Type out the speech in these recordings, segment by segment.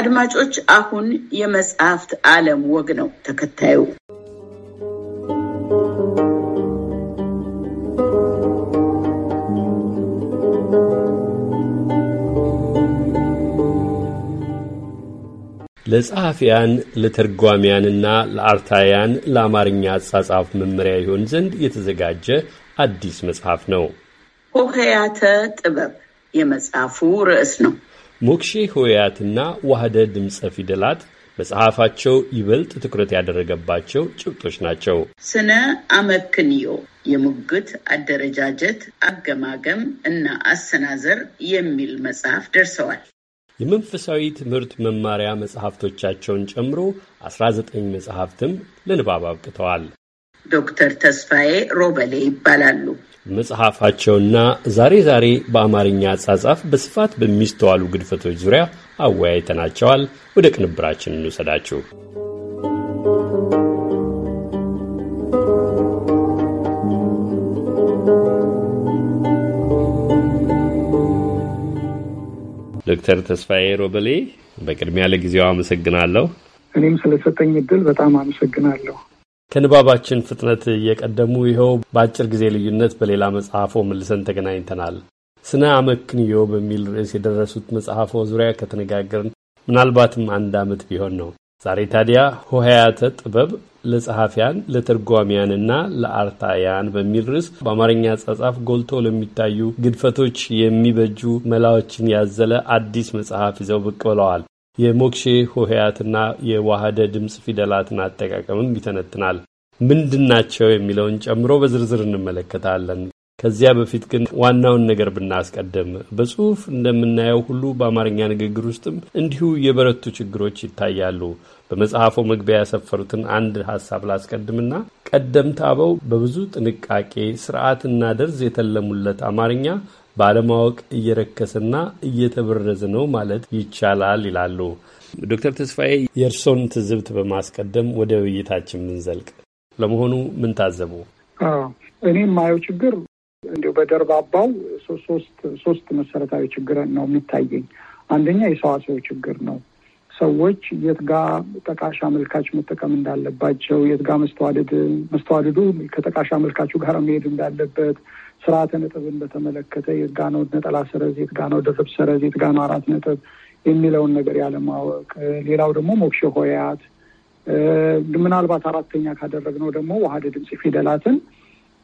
አድማጮች፣ አሁን የመጽሐፍት ዓለም ወግ ነው ተከታዩ። ለጸሐፊያን ለተርጓሚያንና ለአርታያን ለአማርኛ አጻጻፍ መመሪያ ይሆን ዘንድ የተዘጋጀ አዲስ መጽሐፍ ነው። ሆሄያተ ጥበብ የመጽሐፉ ርዕስ ነው። ሞክሼ ሆያትና ዋህደ ድምፀ ፊደላት መጽሐፋቸው ይበልጥ ትኩረት ያደረገባቸው ጭብጦች ናቸው። ስነ አመክንዮ የሙግት አደረጃጀት፣ አገማገም እና አሰናዘር የሚል መጽሐፍ ደርሰዋል። የመንፈሳዊ ትምህርት መማሪያ መጽሐፍቶቻቸውን ጨምሮ 19 መጽሐፍትም ለንባብ አብቅተዋል። ዶክተር ተስፋዬ ሮበሌ ይባላሉ። መጽሐፋቸውና ዛሬ ዛሬ በአማርኛ አጻጻፍ በስፋት በሚስተዋሉ ግድፈቶች ዙሪያ አወያይተናቸዋል። ወደ ቅንብራችን እንውሰዳችሁ። ዶክተር ተስፋዬ ሮበሌ በቅድሚያ ለጊዜው አመሰግናለሁ። እኔም ስለሰጠኝ እድል በጣም አመሰግናለሁ። ከንባባችን ፍጥነት እየቀደሙ ይኸው በአጭር ጊዜ ልዩነት በሌላ መጽሐፎ መልሰን ተገናኝተናል። ስነ አመክንዮ በሚል ርዕስ የደረሱት መጽሐፎ ዙሪያ ከተነጋገርን ምናልባትም አንድ ዓመት ቢሆን ነው። ዛሬ ታዲያ ሆሄያተ ጥበብ ለጸሐፊያን ለተርጓሚያንና ለአርታያን በሚል ርዕስ በአማርኛ አጻጻፍ ጎልቶ ለሚታዩ ግድፈቶች የሚበጁ መላዎችን ያዘለ አዲስ መጽሐፍ ይዘው ብቅ ብለዋል። የሞክሼ ሆሄያትና የዋህደ ድምፅ ፊደላትን አጠቃቀምም ይተነትናል። ምንድን ናቸው የሚለውን ጨምሮ በዝርዝር እንመለከታለን። ከዚያ በፊት ግን ዋናውን ነገር ብናስቀድም በጽሁፍ እንደምናየው ሁሉ በአማርኛ ንግግር ውስጥም እንዲሁ የበረቱ ችግሮች ይታያሉ። በመጽሐፉ መግቢያ ያሰፈሩትን አንድ ሀሳብ ላስቀድምና ቀደምት አበው በብዙ ጥንቃቄ ስርዓትና ደርዝ የተለሙለት አማርኛ ባለማወቅ እየረከሰና እየተበረዘ ነው ማለት ይቻላል ይላሉ ዶክተር ተስፋዬ። የእርሶን ትዝብት በማስቀደም ወደ ውይይታችን ምንዘልቅ፣ ለመሆኑ ምን ታዘቡ? እኔ የማየው ችግር እንዲሁ በደርባባው ሶስት መሰረታዊ ችግር ነው የሚታየኝ። አንደኛ የሰዋሰው ችግር ነው። ሰዎች የት ጋ ጠቃሽ አመልካች መጠቀም እንዳለባቸው፣ የት ጋ መስተዋደድ መስተዋደዱ ከጠቃሽ አመልካቹ ጋር መሄድ እንዳለበት ስርዓተ ነጥብን በተመለከተ የትጋነው ነጠላ ሰረዝ፣ የትጋነው ድርብ ሰረዝ፣ የትጋነው አራት ነጥብ የሚለውን ነገር ያለማወቅ፣ ሌላው ደግሞ ሞክሼ ሆያት ምናልባት አራተኛ ካደረግነው ደግሞ ዋህደ ድምፅ ፊደላትን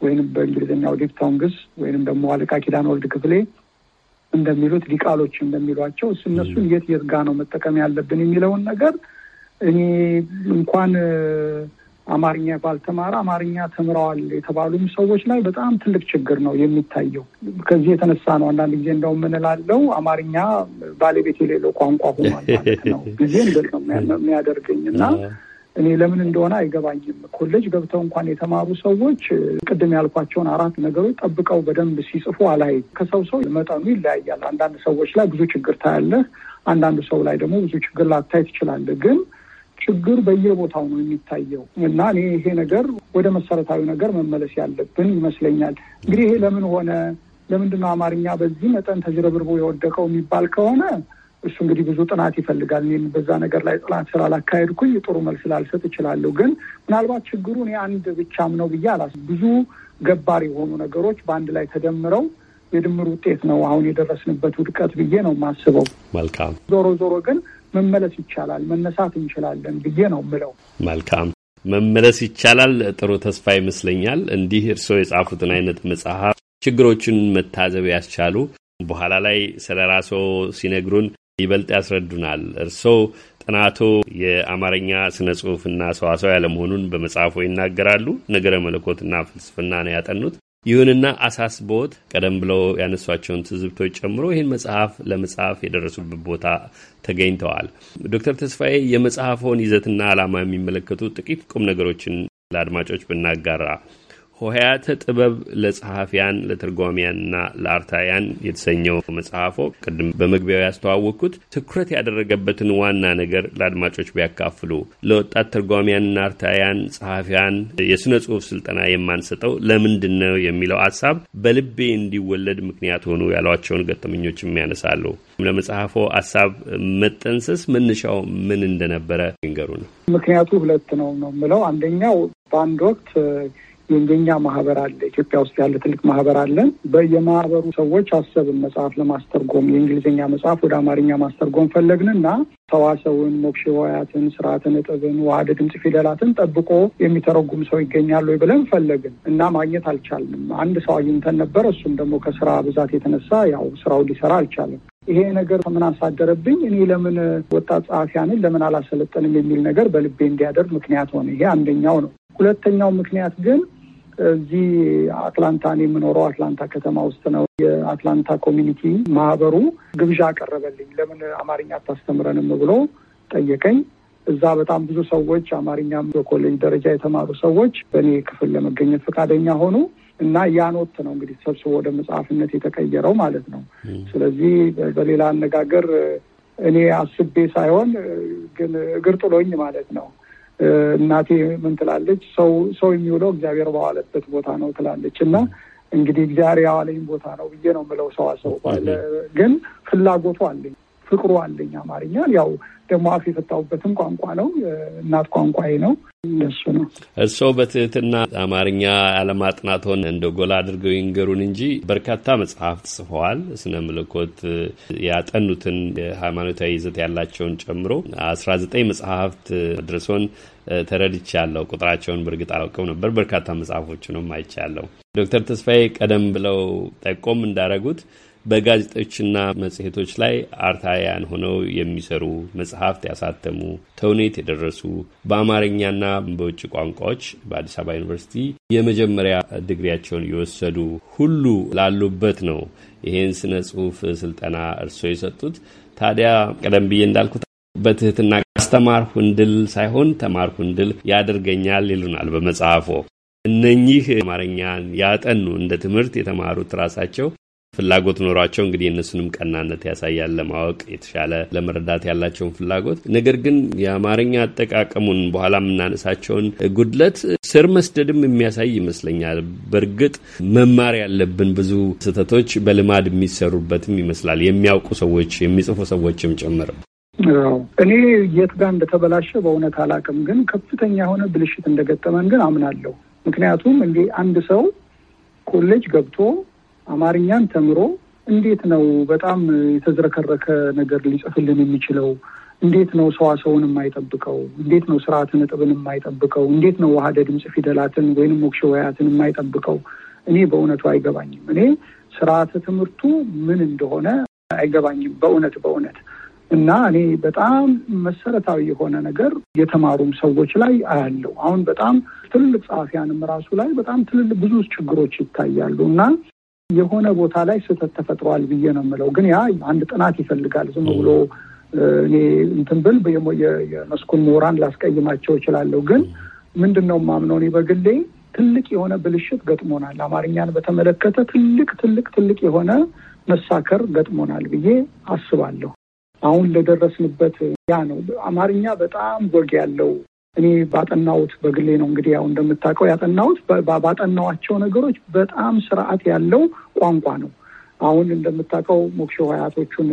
ወይንም በእንግሊዝኛው ዲፕታንግስ ወይንም ደግሞ አለቃ ኪዳን ወልድ ክፍሌ እንደሚሉት ሊቃሎች እንደሚሏቸው እነሱን የት የት ጋ ነው መጠቀም ያለብን የሚለውን ነገር እኔ እንኳን አማርኛ ባልተማረ አማርኛ ተምረዋል የተባሉም ሰዎች ላይ በጣም ትልቅ ችግር ነው የሚታየው። ከዚህ የተነሳ ነው አንዳንድ ጊዜ እንደው ምንላለው አማርኛ ባለቤት የሌለው ቋንቋ ሆኗል ማለት ነው። ጊዜ እንደት ነው የሚያደርገኝ እና እኔ ለምን እንደሆነ አይገባኝም። ኮሌጅ ገብተው እንኳን የተማሩ ሰዎች ቅድም ያልኳቸውን አራት ነገሮች ጠብቀው በደንብ ሲጽፉ አላይ። ከሰው ሰው መጠኑ ይለያያል። አንዳንድ ሰዎች ላይ ብዙ ችግር ታያለህ፣ አንዳንድ ሰው ላይ ደግሞ ብዙ ችግር ላታይ ትችላለህ ግን ችግር በየቦታው ነው የሚታየው እና እኔ ይሄ ነገር ወደ መሰረታዊ ነገር መመለስ ያለብን ይመስለኛል። እንግዲህ ይሄ ለምን ሆነ ለምንድነው አማርኛ በዚህ መጠን ተዝረብርቦ የወደቀው የሚባል ከሆነ እሱ እንግዲህ ብዙ ጥናት ይፈልጋል። እኔም በዛ ነገር ላይ ጥናት ስላላካሄድኩኝ ጥሩ መልስ ላልሰጥ እችላለሁ። ግን ምናልባት ችግሩ እኔ አንድ ብቻም ነው ብዬ አላስ ብዙ ገባር የሆኑ ነገሮች በአንድ ላይ ተደምረው የድምር ውጤት ነው አሁን የደረስንበት ውድቀት ብዬ ነው የማስበው። መልካም ዞሮ ዞሮ ግን መመለስ ይቻላል፣ መነሳት እንችላለን ብዬ ነው ምለው። መልካም መመለስ ይቻላል። ጥሩ ተስፋ ይመስለኛል። እንዲህ እርስዎ የጻፉትን አይነት መጽሐፍ ችግሮችን መታዘብ ያስቻሉ በኋላ ላይ ስለ ራስዎ ሲነግሩን ይበልጥ ያስረዱናል። እርስዎ ጥናቶ የአማርኛ ስነ ጽሁፍና ሰዋሰው ያለመሆኑን በመጽሐፎ ይናገራሉ። ነገረ መለኮትና ፍልስፍና ነው ያጠኑት። ይሁንና አሳስቦት ቀደም ብለው ያነሷቸውን ትዝብቶች ጨምሮ ይህን መጽሐፍ ለመጽሐፍ የደረሱበት ቦታ ተገኝተዋል። ዶክተር ተስፋዬ የመጽሐፎን ይዘትና ዓላማ የሚመለከቱ ጥቂት ቁም ነገሮችን ለአድማጮች ብናጋራ ሆሄያተ ጥበብ ለጸሐፊያን ለተርጓሚያንና ለአርታያን የተሰኘው መጽሐፎ ቅድም በመግቢያው ያስተዋወቅኩት ትኩረት ያደረገበትን ዋና ነገር ለአድማጮች ቢያካፍሉ ለወጣት ተርጓሚያንና አርታያን ጸሐፊያን የሥነ ጽሑፍ ስልጠና የማንሰጠው ለምንድን ነው የሚለው ሀሳብ በልቤ እንዲወለድ ምክንያት ሆኑ ያሏቸውን ገጠመኞችም ያነሳሉ። ለመጽሐፎ ሀሳብ መጠንሰስ መነሻው ምን እንደነበረ ይንገሩ ነው። ምክንያቱ ሁለት ነው ነው የምለው አንደኛው በአንድ ወቅት የእንደኛ ማህበር አለ ኢትዮጵያ ውስጥ ያለ ትልቅ ማህበር አለን። በየማህበሩ ሰዎች አሰብን መጽሐፍ ለማስተርጎም የእንግሊዝኛ መጽሐፍ ወደ አማርኛ ማስተርጎም ፈለግንና ሰዋሰውን፣ ሞክሼ ሕዋያትን፣ ስርዓተ ነጥብን፣ ዋህደ ድምፅ ፊደላትን ጠብቆ የሚተረጉም ሰው ይገኛል ወይ ብለን ፈለግን እና ማግኘት አልቻልንም። አንድ ሰው አግኝተን ነበር። እሱም ደግሞ ከስራ ብዛት የተነሳ ያው ስራው ሊሰራ አልቻለም። ይሄ ነገር ምን አሳደረብኝ? እኔ ለምን ወጣት ጸሐፊያንን ለምን አላሰለጠንም የሚል ነገር በልቤ እንዲያደርግ ምክንያት ሆነ። ይሄ አንደኛው ነው። ሁለተኛው ምክንያት ግን እዚህ አትላንታ እኔ የምኖረው አትላንታ ከተማ ውስጥ ነው። የአትላንታ ኮሚኒቲ ማህበሩ ግብዣ አቀረበልኝ። ለምን አማርኛ አታስተምረንም ብሎ ጠየቀኝ። እዛ በጣም ብዙ ሰዎች አማርኛም በኮሌጅ ደረጃ የተማሩ ሰዎች በእኔ ክፍል ለመገኘት ፈቃደኛ ሆኑ እና ያኖት ነው እንግዲህ ሰብስቦ ወደ መጽሐፍነት የተቀየረው ማለት ነው። ስለዚህ በሌላ አነጋገር እኔ አስቤ ሳይሆን ግን እግር ጥሎኝ ማለት ነው እናቴ ምን ትላለች? ሰው ሰው የሚውለው እግዚአብሔር በዋለበት ቦታ ነው ትላለች እና እንግዲህ እግዚአብሔር ያዋለኝ ቦታ ነው ብዬ ነው የምለው። ሰዋሰው ግን ፍላጎቱ አለኝ፣ ፍቅሩ አለኝ አማርኛን ያው ደግሞ አፍ የፈታሁበትም ቋንቋ ነው። እናት ቋንቋዬ ነው። እንደሱ ነው። እርስዎ በትህትና አማርኛ ያለማጥናትዎን እንደ ጎላ አድርገው ይንገሩን እንጂ በርካታ መጽሐፍ ጽፈዋል። ስነ ምልኮት ያጠኑትን ሃይማኖታዊ ይዘት ያላቸውን ጨምሮ አስራ ዘጠኝ መጽሐፍት ድርሶን ተረድቻለሁ። ቁጥራቸውን በእርግጥ አላውቅም ነበር። በርካታ መጽሐፎችንም አይቻለሁ። ዶክተር ተስፋዬ ቀደም ብለው ጠቆም እንዳረጉት በጋዜጦችና መጽሔቶች ላይ አርታያን ሆነው የሚሰሩ መጽሐፍት ያሳተሙ ተውኔት የደረሱ በአማርኛና በውጭ ቋንቋዎች በአዲስ አበባ ዩኒቨርሲቲ የመጀመሪያ ድግሪያቸውን የወሰዱ ሁሉ ላሉበት ነው ይህን ስነ ጽሁፍ ስልጠና እርስዎ የሰጡት። ታዲያ ቀደም ብዬ እንዳልኩት በትህትና አስተማርሁ እንድል ሳይሆን ተማርሁ እንድል ያደርገኛል ይሉናል በመጽሐፎ። እነኚህ አማርኛን ያጠኑ እንደ ትምህርት የተማሩት ራሳቸው ፍላጎት ኖሯቸው እንግዲህ እነሱንም ቀናነት ያሳያል ለማወቅ የተሻለ ለመረዳት ያላቸውን ፍላጎት። ነገር ግን የአማርኛ አጠቃቀሙን በኋላ የምናነሳቸውን ጉድለት ስር መስደድም የሚያሳይ ይመስለኛል። በእርግጥ መማር ያለብን ብዙ ስህተቶች በልማድ የሚሰሩበትም ይመስላል የሚያውቁ ሰዎች የሚጽፉ ሰዎችም ጭምር። እኔ የት ጋር እንደተበላሸ በእውነት አላውቅም፣ ግን ከፍተኛ የሆነ ብልሽት እንደገጠመን ግን አምናለሁ። ምክንያቱም እንዲህ አንድ ሰው ኮሌጅ ገብቶ አማርኛን ተምሮ እንዴት ነው በጣም የተዝረከረከ ነገር ሊጽፍልን የሚችለው? እንዴት ነው ሰዋሰውን የማይጠብቀው? እንዴት ነው ስርዓተ ነጥብን የማይጠብቀው? እንዴት ነው ዋህደ ድምፅ ፊደላትን ወይንም ሞክሽ ወያትን የማይጠብቀው? እኔ በእውነቱ አይገባኝም። እኔ ስርዓተ ትምህርቱ ምን እንደሆነ አይገባኝም በእውነት በእውነት እና እኔ በጣም መሰረታዊ የሆነ ነገር የተማሩም ሰዎች ላይ አያለው። አሁን በጣም ትልልቅ ጸሐፊያንም ራሱ ላይ በጣም ትልልቅ ብዙ ችግሮች ይታያሉ እና የሆነ ቦታ ላይ ስህተት ተፈጥሯል ብዬ ነው የምለው። ግን ያ አንድ ጥናት ይፈልጋል። ዝም ብሎ እኔ እንትን ብል የመስኩን ምሁራን ላስቀይማቸው እችላለሁ። ግን ምንድን ነው የማምነው እኔ በግሌ ትልቅ የሆነ ብልሽት ገጥሞናል። አማርኛን በተመለከተ ትልቅ ትልቅ ትልቅ የሆነ መሳከር ገጥሞናል ብዬ አስባለሁ። አሁን ለደረስንበት ያ ነው። አማርኛ በጣም ወግ ያለው እኔ ባጠናሁት በግሌ ነው እንግዲህ ያው እንደምታውቀው ያጠናሁት ባጠናዋቸው ነገሮች በጣም ስርዓት ያለው ቋንቋ ነው። አሁን እንደምታውቀው ሞክሾ ሀያቶቹን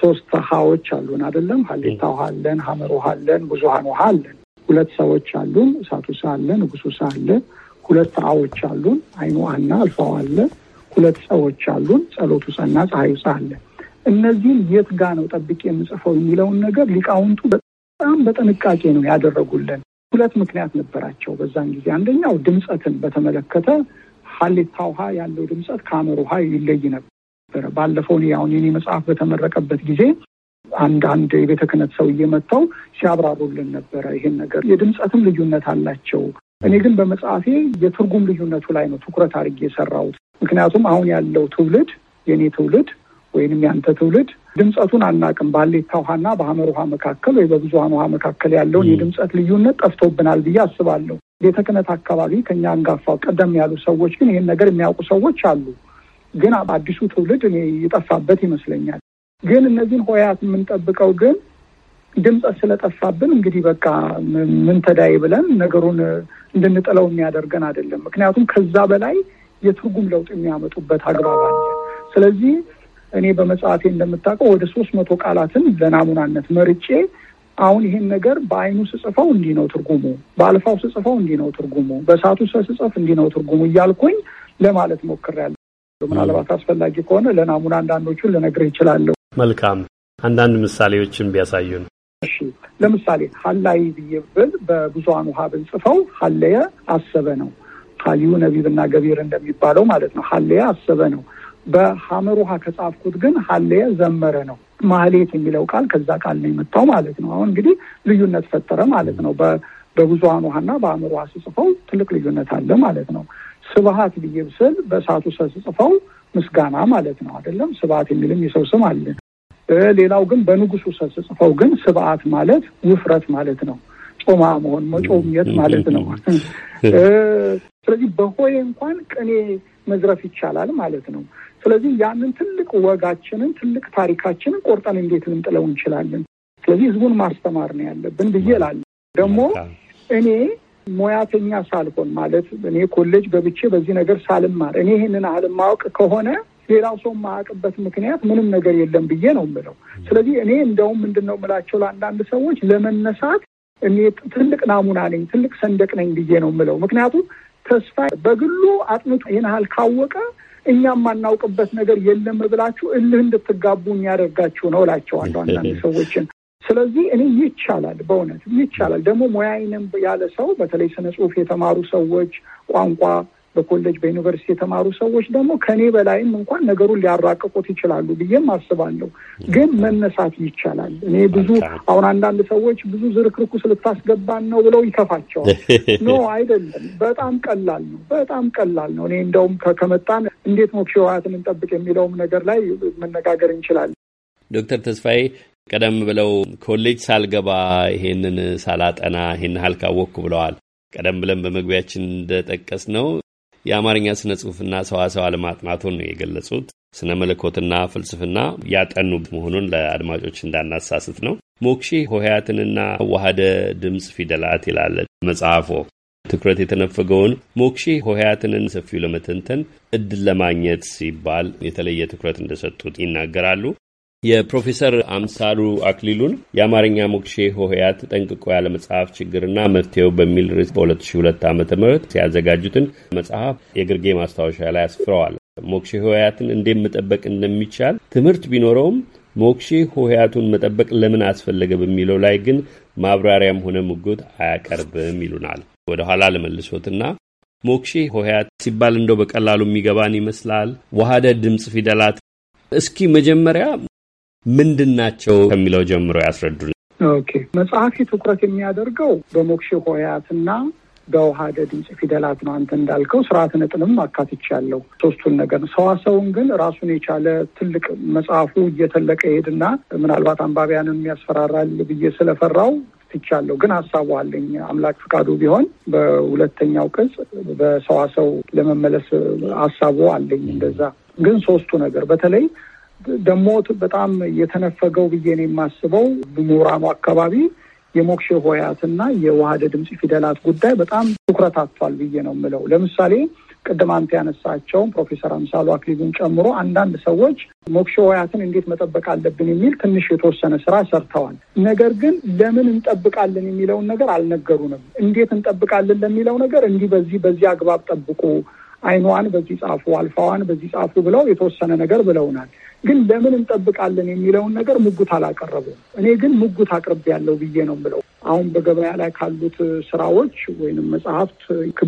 ሶስት ሀዎች አሉን አይደለም? ሀሌታ ውሃ አለን፣ ሀመር ውሃ አለን፣ ብዙሀን ውሃ አለን። ሁለት ሰዎች አሉን፣ ሳ አለ፣ ሳ አለ። ሁለት አዎች አሉን፣ አይኑ አና አልፋው አለ። ሁለት ሰዎች አሉን፣ ጸሎቱ ጸና ፀሐዩ ሳ አለ። እነዚህም የት ጋ ነው ጠብቅ የምጽፈው የሚለውን ነገር ሊቃውንቱ በጣም በጥንቃቄ ነው ያደረጉልን። ሁለት ምክንያት ነበራቸው በዛን ጊዜ። አንደኛው ድምፀትን በተመለከተ ሀሌታ ውሃ ያለው ድምፀት ከሐመር ውሃ ይለይ ነበር። ባለፈው አሁን የኔ መጽሐፍ በተመረቀበት ጊዜ አንዳንድ የቤተ ክህነት ሰው እየመጣው ሲያብራሩልን ነበረ ይሄን ነገር። የድምፀትም ልዩነት አላቸው። እኔ ግን በመጽሐፌ የትርጉም ልዩነቱ ላይ ነው ትኩረት አድርጌ የሰራሁት። ምክንያቱም አሁን ያለው ትውልድ የእኔ ትውልድ ወይንም ያንተ ትውልድ ድምፀቱን አናቅም። ባሌታ ውሃና በሀመር ውሃ መካከል ወይ በብዙሀን ውሃ መካከል ያለውን የድምፀት ልዩነት ጠፍቶብናል ብዬ አስባለሁ። ቤተ ክህነት አካባቢ ከኛ አንጋፋ ቀደም ያሉ ሰዎች ግን ይህን ነገር የሚያውቁ ሰዎች አሉ። ግን አዲሱ ትውልድ እኔ ይጠፋበት ይመስለኛል። ግን እነዚህን ሆያት የምንጠብቀው ግን ድምፀት ስለጠፋብን እንግዲህ በቃ ምን ተዳይ ብለን ነገሩን እንድንጥለው የሚያደርገን አይደለም። ምክንያቱም ከዛ በላይ የትርጉም ለውጥ የሚያመጡበት አግባብ አለ። ስለዚህ እኔ በመጽሐፌ እንደምታውቀው ወደ ሶስት መቶ ቃላትን ለናሙናነት መርጬ አሁን ይህን ነገር በአይኑ ስጽፈው እንዲህ ነው ትርጉሙ፣ በአልፋው ስጽፈው እንዲህ ነው ትርጉሙ፣ በእሳቱ ስጽፍ እንዲህ ነው ትርጉሙ እያልኩኝ ለማለት ሞክሬያለሁ። ምናልባት አስፈላጊ ከሆነ ለናሙና አንዳንዶቹን ልነግርህ እችላለሁ። መልካም፣ አንዳንድ ምሳሌዎችን ቢያሳዩን። እሺ፣ ለምሳሌ ሀላይ ብዬ ብል በብዙሃኑ ውሃ ብንጽፈው ሀለየ አሰበ ነው። ሀሊዩ ነቢብና ገቢር እንደሚባለው ማለት ነው። ሀለየ አሰበ ነው። በሐመር ውሃ ከጻፍኩት ግን ሀለየ ዘመረ ነው። ማህሌት የሚለው ቃል ከዛ ቃል ነው የመጣው ማለት ነው። አሁን እንግዲህ ልዩነት ፈጠረ ማለት ነው። በብዙሀን ውሃና በሐመር ውሃ ስጽፈው ትልቅ ልዩነት አለ ማለት ነው። ስብሀት ብዬ ብስል በእሳቱ ስጽፈው ምስጋና ማለት ነው አይደለም። ስብሀት የሚልም የሰው ስም አለ። ሌላው ግን በንጉሱ ስጽፈው ግን ስብአት ማለት ውፍረት ማለት ነው። ጮማ መሆን መጮምየት ማለት ነው። ስለዚህ በሆይ እንኳን ቅኔ መዝረፍ ይቻላል ማለት ነው። ስለዚህ ያንን ትልቅ ወጋችንን ትልቅ ታሪካችንን ቆርጠን እንዴት ልንጥለው እንችላለን? ስለዚህ ህዝቡን ማስተማር ነው ያለብን ብዬ ላለ ደግሞ እኔ ሙያተኛ ሳልሆን ማለት እኔ ኮሌጅ በብቼ በዚህ ነገር ሳልማር እኔ ይህንን ያህል ማወቅ ከሆነ ሌላው ሰው የማያውቅበት ምክንያት ምንም ነገር የለም ብዬ ነው ምለው ስለዚህ እኔ እንደውም ምንድን ነው የምላቸው ለአንዳንድ ሰዎች ለመነሳት እኔ ትልቅ ናሙና ነኝ፣ ትልቅ ሰንደቅ ነኝ ብዬ ነው ምለው ምክንያቱም ተስፋ በግሉ አጥንቶ ይህን ካወቀ እኛ የማናውቅበት ነገር የለም ብላችሁ እልህ እንድትጋቡ የሚያደርጋችሁ ነው እላቸዋለሁ አንዳንድ ሰዎችን። ስለዚህ እኔ ይቻላል፣ በእውነት ይቻላል። ደግሞ ሙያዬንም ያለ ሰው በተለይ ስነ ጽሁፍ የተማሩ ሰዎች ቋንቋ በኮሌጅ በዩኒቨርሲቲ የተማሩ ሰዎች ደግሞ ከኔ በላይም እንኳን ነገሩን ሊያራቅቁት ይችላሉ ብዬም አስባለሁ። ግን መነሳት ይቻላል። እኔ ብዙ አሁን አንዳንድ ሰዎች ብዙ ዝርክርኩስ ልታስገባን ነው ብለው ይከፋቸዋል። ኖ አይደለም፣ በጣም ቀላል ነው። በጣም ቀላል ነው። እኔ እንደውም ከመጣን እንዴት ሞክሽ ህወሓትን እንጠብቅ የሚለውም ነገር ላይ መነጋገር እንችላለን። ዶክተር ተስፋዬ ቀደም ብለው ኮሌጅ ሳልገባ ይሄንን ሳላጠና ይሄን ያህል ካወቅኩ ብለዋል። ቀደም ብለን በመግቢያችን እንደጠቀስ ነው የአማርኛ ስነ ጽሁፍና ሰዋሰው አለማጥናቱን ነው የገለጹት። ስነ መለኮትና ፍልስፍና ያጠኑ መሆኑን ለአድማጮች እንዳናሳስት ነው። ሞክሼ ሆሄያትንና ዋህደ ድምፅ ፊደላት ይላለ መጽሐፎ። ትኩረት የተነፈገውን ሞክሼ ሆሄያትንን ሰፊው ለመተንተን እድል ለማግኘት ሲባል የተለየ ትኩረት እንደሰጡት ይናገራሉ። የፕሮፌሰር አምሳሉ አክሊሉን የአማርኛ ሞክሼ ሆሄያት ጠንቅቆ ያለ መጽሐፍ ችግርና መፍትሄው በሚል ርዕስ በ2002 ዓ ም ሲያዘጋጁትን መጽሐፍ የግርጌ ማስታወሻ ላይ አስፍረዋል። ሞክሼ ሆሄያትን እንዴት መጠበቅ እንደሚቻል ትምህርት ቢኖረውም ሞክሼ ሆሄያቱን መጠበቅ ለምን አስፈለገ በሚለው ላይ ግን ማብራሪያም ሆነ ሙግት አያቀርብም ይሉናል። ኋላ ለመልሶትና ሞክሼ ሆሄያት ሲባል እንደው በቀላሉ የሚገባን ይመስላል። ዋሃደ ድምፅ ፊደላት እስኪ መጀመሪያ ምንድን ናቸው ከሚለው ጀምሮ ያስረዱል ኦኬ መጽሐፊ ትኩረት የሚያደርገው በሞክሼ ሆያትና በውሃደድ ድምፅ ፊደላት ነው። አንተ እንዳልከው ስርዓት አካትች አካትቻለሁ ሶስቱን ነገር። ሰዋሰውን ግን ራሱን የቻለ ትልቅ መጽሐፉ እየተለቀ ይሄድና ምናልባት አንባቢያንን የሚያስፈራራል ብዬ ስለፈራው ትቻለሁ። ግን ሀሳቡ አለኝ። አምላክ ፍቃዱ ቢሆን በሁለተኛው ቅጽ በሰዋሰው ለመመለስ ሀሳቡ አለኝ እንደዛ ግን ሶስቱ ነገር በተለይ ደግሞ በጣም የተነፈገው ብዬ ነው የማስበው ምሁራኑ አካባቢ የሞክሼ ሆያትና የዋህደ ድምፅ ፊደላት ጉዳይ በጣም ትኩረት አጥቷል ብዬ ነው የምለው። ለምሳሌ ቅድም አንተ ያነሳቸውን ፕሮፌሰር አምሳሉ አክሊሉን ጨምሮ አንዳንድ ሰዎች ሞክሼ ሆያትን እንዴት መጠበቅ አለብን የሚል ትንሽ የተወሰነ ስራ ሰርተዋል። ነገር ግን ለምን እንጠብቃለን የሚለውን ነገር አልነገሩንም። እንዴት እንጠብቃለን ለሚለው ነገር እንዲህ በዚህ በዚህ አግባብ ጠብቁ አይኗን በዚህ ጻፉ፣ አልፋዋን በዚህ ጻፉ ብለው የተወሰነ ነገር ብለውናል። ግን ለምን እንጠብቃለን የሚለውን ነገር ሙግት አላቀረቡም። እኔ ግን ሙግት አቅርብ ያለው ብዬ ነው ብለው አሁን በገበያ ላይ ካሉት ስራዎች ወይም መጽሐፍት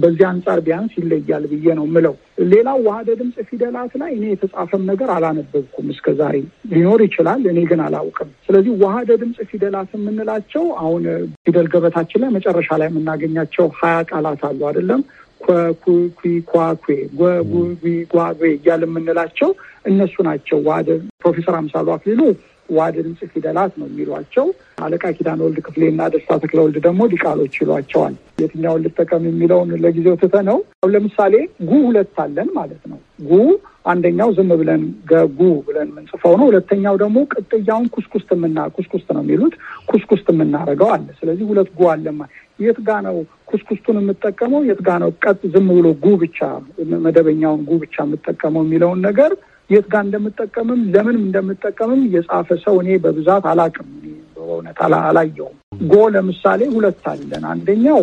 በዚህ አንጻር ቢያንስ ይለያል ብዬ ነው ምለው። ሌላው ዋህደ ድምፅ ፊደላት ላይ እኔ የተጻፈም ነገር አላነበብኩም እስከ ዛሬ። ሊኖር ይችላል፣ እኔ ግን አላውቅም። ስለዚህ ዋህደ ድምፅ ፊደላት የምንላቸው አሁን ፊደል ገበታችን ላይ መጨረሻ ላይ የምናገኛቸው ሀያ ቃላት አሉ አይደለም? ኳኩ ጓጉ እያለ የምንላቸው እነሱ ናቸው። ዋደ ፕሮፌሰር አምሳሉ አክሊሉ ዋደ ድምፅ ፊደላት ነው የሚሏቸው። አለቃ ኪዳን ወልድ እና ደስታ ተክለ ወልድ ደግሞ ዲቃሎች ይሏቸዋል። የትኛውን ልጠቀም የሚለውን ለጊዜው ትተ ነው። ለምሳሌ ጉ ሁለት አለን ማለት ነው። ጉ አንደኛው ዝም ብለን ገጉ ብለን የምንጽፈው ነው። ሁለተኛው ደግሞ ቅጥያውን ኩስኩስት የምና ኩስኩስት ነው የሚሉት ኩስኩስት የምናደርገው አለ። ስለዚህ ሁለት ጉ አለማ የት ጋ ነው ኩስኩስቱን የምጠቀመው የት ጋ ነው ቀጥ ዝም ብሎ ጉ ብቻ መደበኛውን ጉ ብቻ የምጠቀመው የሚለውን ነገር የት ጋ እንደምጠቀምም ለምን እንደምጠቀምም የጻፈ ሰው እኔ በብዛት አላቅም። በእውነት አላየውም። ጎ ለምሳሌ ሁለት አለን። አንደኛው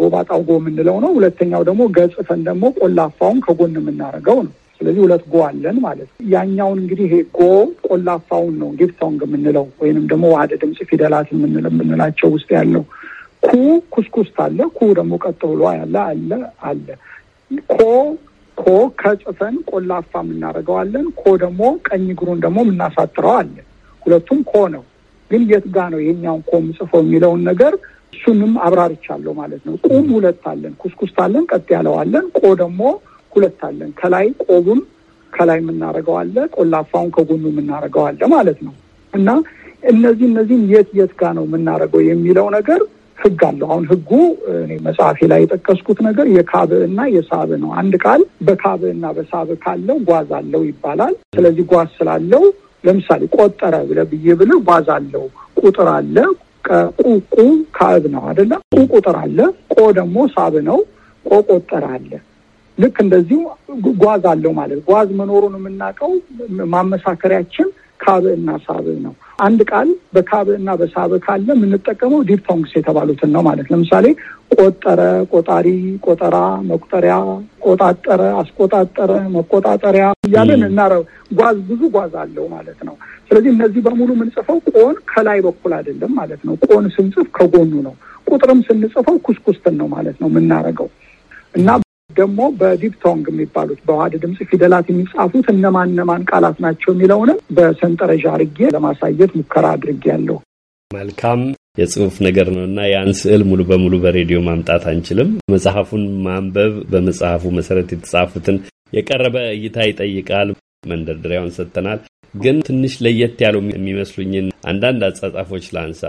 ጎባጣው ጎ የምንለው ነው። ሁለተኛው ደግሞ ገጽፈን ደግሞ ቆላፋውን ከጎን የምናደርገው ነው። ስለዚህ ሁለት ጎ አለን ማለት ነው። ያኛውን እንግዲህ ይሄ ጎ ቆላፋውን ነው ጊፍታውን የምንለው ወይንም ደግሞ ዋደ ድምፅ ፊደላት የምንላቸው ውስጥ ያለው ኩ ኩስኩስት አለ። ኩ ደግሞ ቀጥ ብሎ ያለ አለ አለ። ኮ ኮ ከጭፈን ቆላፋ የምናደርገዋለን። ኮ ደግሞ ቀኝ እግሩን ደግሞ የምናሳጥረው አለ። ሁለቱም ኮ ነው። ግን የት ጋ ነው የኛውን ኮ ምጽፈው የሚለውን ነገር እሱንም አብራርቻለሁ ማለት ነው። ቁም ሁለት አለን፣ ኩስኩስት አለን፣ ቀጥ ያለው ቆ ደግሞ ሁለት አለን። ከላይ ቆቡን ከላይ የምናደርገው አለ፣ ቆላፋውን ከጎኑ የምናደርገው አለ ማለት ነው እና እነዚህ እነዚህም የት የት ጋ ነው የምናደርገው የሚለው ነገር ህግ አለው። አሁን ህጉ እኔ መጽሐፌ ላይ የጠቀስኩት ነገር የካብ እና የሳብ ነው። አንድ ቃል በካብ እና በሳብ ካለው ጓዝ አለው ይባላል። ስለዚህ ጓዝ ስላለው ለምሳሌ ቆጠረ ብለ ብዬ ብለ ጓዝ አለው፣ ቁጥር አለ። ቁቁ ካብ ነው አደለ? ቁ ቁጥር አለ። ቆ ደግሞ ሳብ ነው። ቆ ቆጠረ አለ። ልክ እንደዚሁ ጓዝ አለው ማለት ጓዝ መኖሩን የምናውቀው ማመሳከሪያችን ካብ እና ሳብ ነው። አንድ ቃል በካብ እና በሳብ ካለ የምንጠቀመው ዲፕቶንግስ የተባሉትን ነው ማለት ለምሳሌ ቆጠረ፣ ቆጣሪ፣ ቆጠራ፣ መቁጠሪያ፣ ቆጣጠረ፣ አስቆጣጠረ፣ መቆጣጠሪያ እያለን እናረው ጓዝ ብዙ ጓዝ አለው ማለት ነው። ስለዚህ እነዚህ በሙሉ የምንጽፈው ቆን ከላይ በኩል አይደለም ማለት ነው። ቆን ስንጽፍ ከጎኑ ነው። ቁጥርም ስንጽፈው ኩስኩስትን ነው ማለት ነው የምናረገው እና ደግሞ በዲፕቶንግ የሚባሉት በዋህድ ድምፅ ፊደላት የሚጻፉት እነማን እነማን ቃላት ናቸው የሚለውንም በሰንጠረዣ አድርጌ ለማሳየት ሙከራ አድርጌያለሁ። መልካም የጽሁፍ ነገር እና ያን ስዕል ሙሉ በሙሉ በሬዲዮ ማምጣት አንችልም። መጽሐፉን ማንበብ በመጽሐፉ መሰረት የተጻፉትን የቀረበ እይታ ይጠይቃል። መንደርደሪያውን ሰጥተናል። ግን ትንሽ ለየት ያሉ የሚመስሉኝን አንዳንድ አጻጻፎች ላንሳ።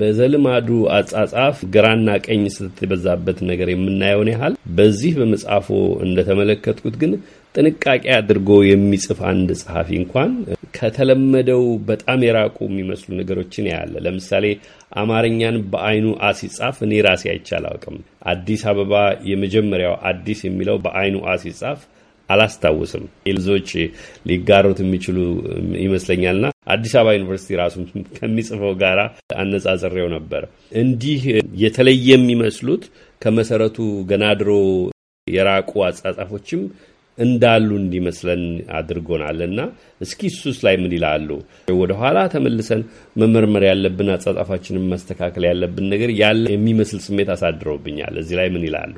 በዘልማዱ አጻጻፍ ግራና ቀኝ ስትበዛበት ነገር የምናየውን ያህል በዚህ በመጽሐፉ እንደተመለከትኩት ግን ጥንቃቄ አድርጎ የሚጽፍ አንድ ጸሐፊ እንኳን ከተለመደው በጣም የራቁ የሚመስሉ ነገሮችን ያለ። ለምሳሌ አማርኛን በአይኑ አሲጻፍ እኔ ራሴ አይቻል አዲስ አበባ የመጀመሪያው አዲስ የሚለው በአይኑ አሲጻፍ አላስታውስም። ልዞች ሊጋሩት የሚችሉ ይመስለኛልና አዲስ አበባ ዩኒቨርሲቲ ራሱ ከሚጽፈው ጋር አነጻጽሬው ነበር። እንዲህ የተለየ የሚመስሉት ከመሰረቱ ገና ድሮ የራቁ አጻጻፎችም እንዳሉ እንዲመስለን አድርጎናል እስኪ እሱስ ላይ ምን ይላሉ? ወደኋላ ተመልሰን መመርመር ያለብን አጻጻፋችንን ማስተካከል ያለብን ነገር ያለ የሚመስል ስሜት አሳድረውብኛል። እዚህ ላይ ምን ይላሉ?